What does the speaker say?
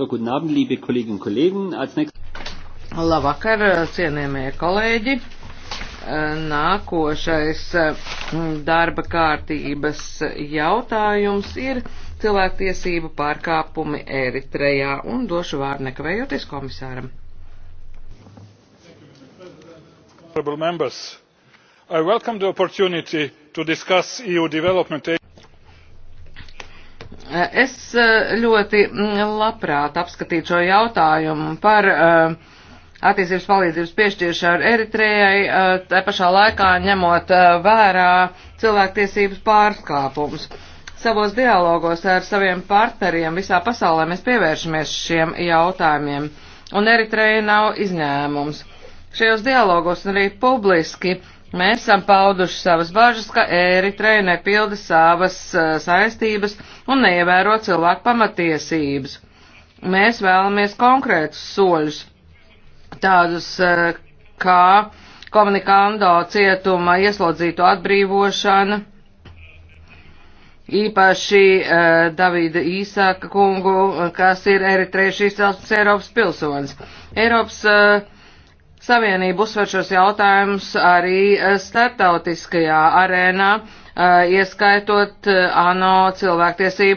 So, guten Abend, liebe Kolleginnen und Kollegen. Als nächstes. Labvakar, cienījamie kolēģi. Nākošais mm, darba kārtības jautājums ir cilvēktiesību pārkāpumi Eritrejā un došu vārdu nekavējoties komisāram. Honorable members, I welcome the opportunity to discuss EU development aid. Es eh, ļoti mm, labprāt apskatītu šo jautājumu par eh, attīstības palīdzības piešķiršanu ar Eritrejai, eh, tā pašā laikā ņemot vērā cilvēktiesības pārskāpumus. Savos dialogos ar saviem partneriem visā pasaulē mēs pievēršamies šiem jautājumiem, un Eritreja nav izņēmums. Šajos dialogos un arī publiski Mēs esam pauduši savas bažas, ka Eritreja nepilda savas eh, saistības un neievēro cilvēku pamatiesības. Mēs vēlamies konkrētus soļus, tādus eh, kā komunikando cietuma ieslodzīto atbrīvošana, īpaši eh, Davida Īsāka kungu, kas ir Eritriešu izcelsmes Eiropas pilsonis. Eiropas uh, Savienība uzsver šos jautājumus arī eh, starptautiskajā arēnā, eh, ieskaitot eh, ANO cilvēktiesību